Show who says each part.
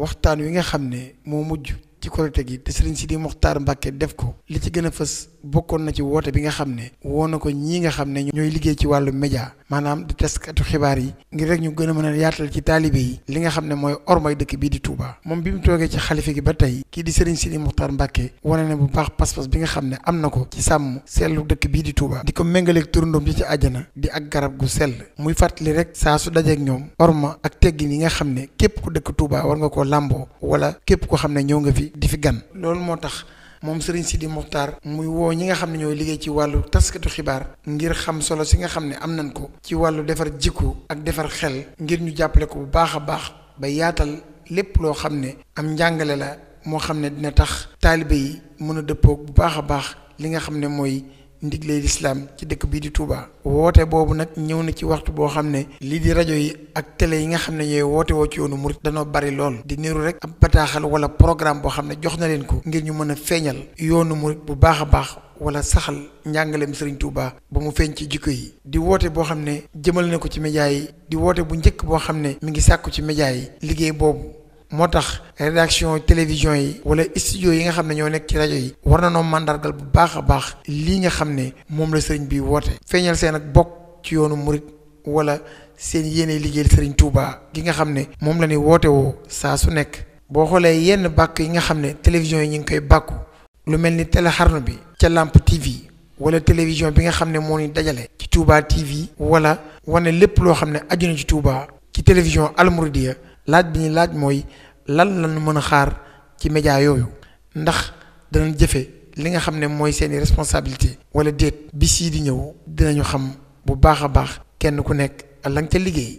Speaker 1: waxtaan wi nga xam ne moo mujj ci korite gi te sëriñ Sidi Mokhtar Mbacke def ko li ci gën a fës bokkoon na ci woote bi nga xam ne woon na ko ñii nga xam ne ñooy liggéey ci wàllu média maanaam di taskatu xibaar yi ngir rek ñu gën a mën a yaatal ci taalibe yi li nga xam ne mooy ormay dëkk bii di moom bi mu toogee ci xalifa gi ba tey kii di sëriñ Sidi Mokhtar Mbacke wane na bu baax pas-pas bi nga xam ne am na ko ci seetlu dëkk bii di Touba di ko méngaleeg turandoom ji ci àjjana di ak garab gu sell muy fàttali rek saa dajeek ñoom orma ak teggin yi nga xam ne képp ku dëkk Touba war nga koo làmboo wala képp ko xam ne ñëw nga fi di fi gan loolu moo tax moom si di Mokhtar muy woo ñi nga xam ne ñooy liggéey ci wàllu tasketu xibaar ngir xam solo si nga xam ne am nañ ko ci wàllu defar jikko ak defar xel ngir ñu jàppale ko bu baax a baax ba yaatal lépp loo xam ne am njàngale la moo xam ne dina tax taalibe yi mën a dëppoog bu baax a baax li nga xam ne mooy ndigley lislaam ci dëkk bii di Touba. woote boobu nag ñëw na ci waxtu boo xam ne lii di rajo yi ak télé yi nga xam ne ñooy woote woo ci yoonu murit danoo bari lool di niru rek ab bataaxal wala programme boo xam ne jox na leen ko ngir ñu mën a feeñal yoonu murit bu baax a baax wala saxal njàngaleem Serigne Touba ba mu feeñ ci jikko yi di woote boo xam ne jëmal na ko ci média yi di woote bu njëkk boo xam ne mi ngi sàkku ci média yi liggéey boobu moo tax rédaction télévision yi wala studio yi nga xam ne ñoo nekk ci rajo yi war na noo màndargal bu baax a baax lii nga xam ne moom la sëriñ bi woote feeñal seen ak bokk ci yoonu murit wala seen yéene liggéey sëriñ Touba gi nga xam ne moom la ñuy woote woo saa su nekk boo xoolee yenn bàkk yi nga xam ne télévision yi ñu ngi koy bàkku lu mel ni télé xarnu bi ca Lamp TV wala télévision bi nga xam ne moo ñu dajale ci Touba TV wala wane lépp loo xam ne aju ci Touba ci télévision Al Mouridiyyah laaj bi ñuy laaj mooy lan lañu mën a xaar ci média yooyu ndax danañ jëfe li nga xam ne mooy seeni responsabilité wala déet bis yi di ñëw dinañu xam bu baax a baax kenn ku nekk la nga ca liggéey